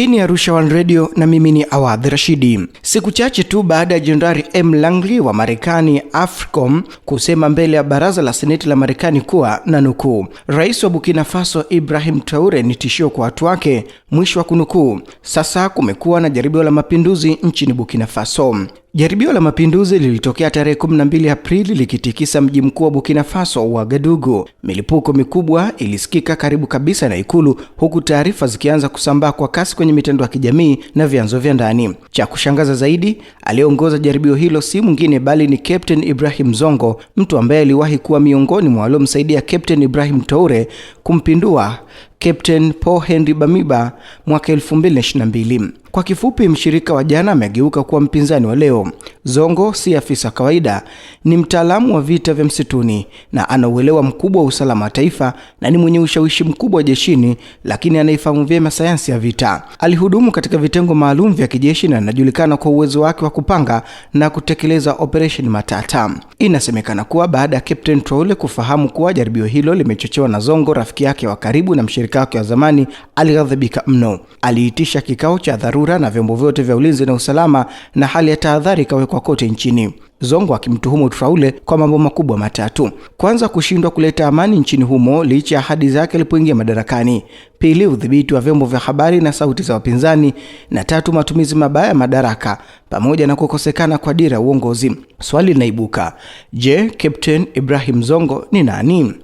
Hii ni Arusha One Radio na mimi ni Awadh Rashidi. Siku chache tu baada ya Jenerali M Langley wa Marekani AFRICOM kusema mbele ya baraza la seneti la Marekani kuwa na nukuu, rais wa Burkina Faso Ibrahim Traore ni tishio kwa watu wake, mwisho wa kunukuu. Sasa kumekuwa na jaribio la mapinduzi nchini Burkina Faso. Jaribio la mapinduzi lilitokea tarehe 12 Aprili likitikisa mji mkuu wa Burkina Faso Ouagadougou. Milipuko mikubwa ilisikika karibu kabisa na ikulu, huku taarifa zikianza kusambaa kwa kasi kwenye mitandao ya kijamii na vyanzo vya ndani. Cha kushangaza zaidi, aliyeongoza jaribio hilo si mwingine bali ni Captain Ibrahim Zongo, mtu ambaye aliwahi kuwa miongoni mwa waliomsaidia Captain Ibrahim Toure kumpindua Captain Paul Henry Bamiba mwaka 2022. Kwa kifupi, mshirika wa jana amegeuka kuwa mpinzani wa leo Zongo si afisa kawaida, ni mtaalamu wa vita vya msituni na ana uelewa mkubwa wa usalama wa taifa na ni mwenye ushawishi mkubwa jeshini, lakini anaifahamu vyema sayansi ya vita. Alihudumu katika vitengo maalum vya kijeshi na anajulikana kwa uwezo wake wa kupanga na kutekeleza Operation Matata. Inasemekana kuwa baada ya Captain Traore kufahamu kuwa jaribio hilo limechochewa na Zongo, rafiki yake wa karibu na mshirika wake wa zamani, alighadhibika mno. Aliitisha kikao cha dharura na vyombo vyote vya ulinzi na usalama na hali ya tahadhari ikawe yaliyowekwa kote nchini. Zongo akimtuhumu Traule kwa mambo makubwa matatu: kwanza, kushindwa kuleta amani nchini humo licha ya ahadi zake alipoingia madarakani; pili, udhibiti wa vyombo vya habari na sauti za wapinzani; na tatu, matumizi mabaya ya madaraka pamoja na kukosekana kwa dira ya uongozi. Swali linaibuka, je, Captain Ibrahim Zongo ni nani?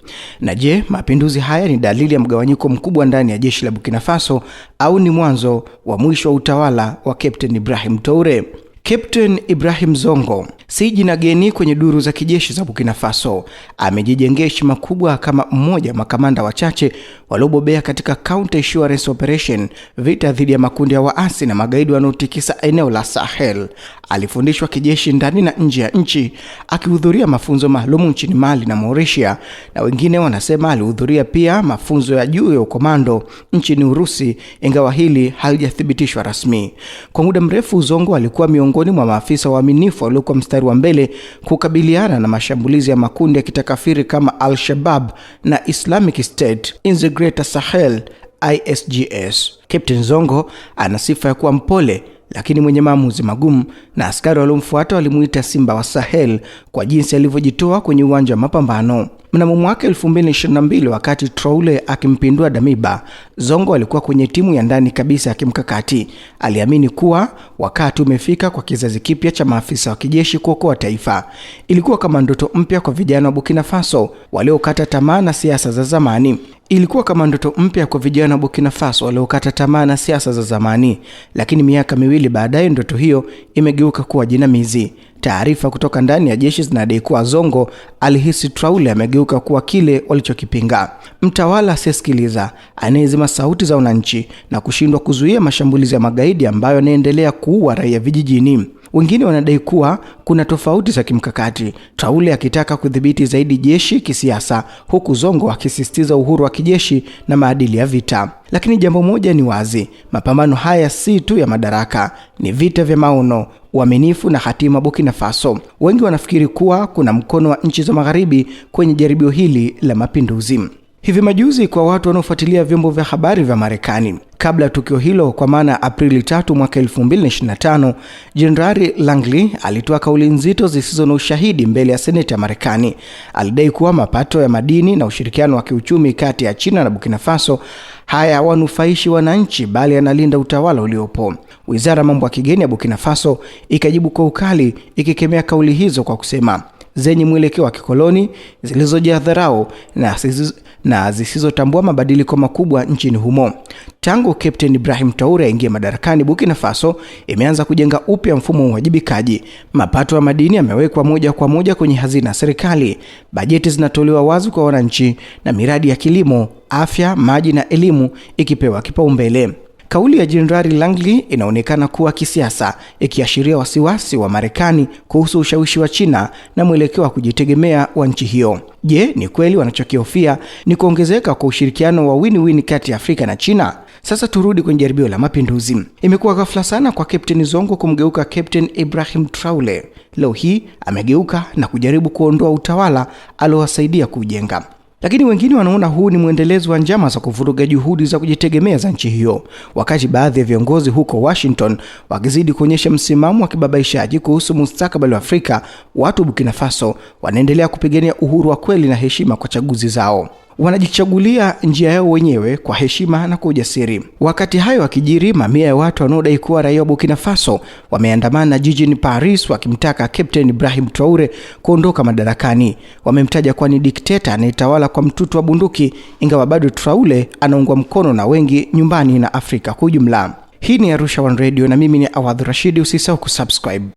Na je, mapinduzi haya ni dalili ya mgawanyiko mkubwa ndani ya jeshi la Burkina Faso au ni mwanzo wa mwisho wa utawala wa Captain Ibrahim toure Captain Ibrahim Zongo si jina geni kwenye duru za kijeshi za Burkina Faso. Amejijengea heshima kubwa kama mmoja wa makamanda wachache waliobobea katika counter insurgency operation, vita dhidi ya makundi ya waasi na magaidi wanaotikisa eneo la Sahel. Alifundishwa kijeshi ndani na nje ya nchi, akihudhuria mafunzo maalum nchini Mali na Mauritius, na wengine wanasema alihudhuria pia mafunzo ya juu ya ukomando nchini Urusi, ingawa hili halijathibitishwa rasmi. Kwa muda mrefu, uzongo alikuwa miongoni mwa maafisa waaminifu waliokuwa mstari wa mbele kukabiliana na mashambulizi ya makundi ya kitakafiri kama Al-Shabab na Islamic State in the Greater Sahel ISGS. Captain Zongo ana sifa ya kuwa mpole lakini mwenye maamuzi magumu, na askari waliomfuata walimuita Simba wa Sahel kwa jinsi alivyojitoa kwenye uwanja wa mapambano. Mnamo mwaka 2022 wakati Troule akimpindua Damiba, Zongo alikuwa kwenye timu ya ndani kabisa ya kimkakati. Aliamini kuwa wakati umefika kwa kizazi kipya cha maafisa wa kijeshi kuokoa taifa. Ilikuwa kama ndoto mpya kwa vijana wa Burkina Faso waliokata tamaa na siasa za zamani. Ilikuwa kama ndoto mpya kwa vijana wa Burkina Faso waliokata tamaa na siasa za zamani, lakini miaka miwili baadaye ndoto hiyo imegeuka kuwa jinamizi. Taarifa kutoka ndani ya jeshi zinadai kuwa Zongo alihisi Traule amegeuka kuwa kile walichokipinga. Mtawala asiyesikiliza, anayezima sauti za wananchi na kushindwa kuzuia mashambulizi ya magaidi ambayo yanaendelea kuua raia vijijini. Wengine wanadai kuwa kuna tofauti za kimkakati, Traule akitaka kudhibiti zaidi jeshi kisiasa, huku Zongo akisisitiza uhuru wa kijeshi na maadili ya vita. Lakini jambo moja ni wazi, mapambano haya si tu ya madaraka, ni vita vya maono, uaminifu na hatima Burkina Faso. Wengi wanafikiri kuwa kuna mkono wa nchi za magharibi kwenye jaribio hili la mapinduzi hivi majuzi kwa watu wanaofuatilia vyombo vya habari vya Marekani. Kabla ya tukio hilo, kwa maana ya Aprili 3 mwaka 2025, Jenerali Langley alitoa kauli nzito zisizo na ushahidi mbele ya Seneti ya Marekani. Alidai kuwa mapato ya madini na ushirikiano wa kiuchumi kati ya China na Burkina Faso hayawanufaishi wananchi bali yanalinda utawala uliopo. Wizara ya mambo ya kigeni ya Burkina Faso ikajibu kwa ukali, ikikemea kauli hizo kwa kusema zenye mwelekeo wa kikoloni zilizojaa dharau na, na zisizotambua mabadiliko makubwa nchini humo. Tangu Captain Ibrahim Taure aingie madarakani, Burkina Faso imeanza kujenga upya mfumo wa uwajibikaji. Mapato ya madini yamewekwa moja kwa moja kwenye hazina ya serikali, bajeti zinatolewa wazi kwa wananchi, na miradi ya kilimo, afya, maji na elimu ikipewa kipaumbele. Kauli ya Jenerali Langley inaonekana kuwa kisiasa, ikiashiria wasiwasi wa Marekani kuhusu ushawishi wa China na mwelekeo wa kujitegemea wa nchi hiyo. Je, ni kweli wanachokihofia ni kuongezeka kwa ushirikiano wa win-win kati ya Afrika na China? Sasa turudi kwenye jaribio la mapinduzi. Imekuwa ghafla sana kwa Captain Zongo kumgeuka Captain Ibrahim Traore. Leo hii amegeuka na kujaribu kuondoa utawala aliowasaidia kujenga lakini wengine wanaona huu ni mwendelezo wa njama za kuvuruga juhudi za kujitegemea za nchi hiyo, wakati baadhi ya viongozi huko Washington wakizidi kuonyesha msimamo wa kibabaishaji kuhusu mustakabali wa Afrika, watu Burkina Faso wanaendelea kupigania uhuru wa kweli na heshima kwa chaguzi zao wanajichagulia njia yao wenyewe kwa heshima na kwa ujasiri. Wakati hayo akijiri, mamia ya watu wanaodai kuwa raia wa Burkina Faso wameandamana jijini Paris wakimtaka Captain Ibrahim Traore kuondoka madarakani. Wamemtaja kuwa ni dikteta anayetawala kwa mtutu wa bunduki, ingawa bado Traore anaungwa mkono na wengi nyumbani na Afrika kwa ujumla. Hii ni Arusha One Radio na mimi ni Awadh Rashidi. Usisahau kusubscribe.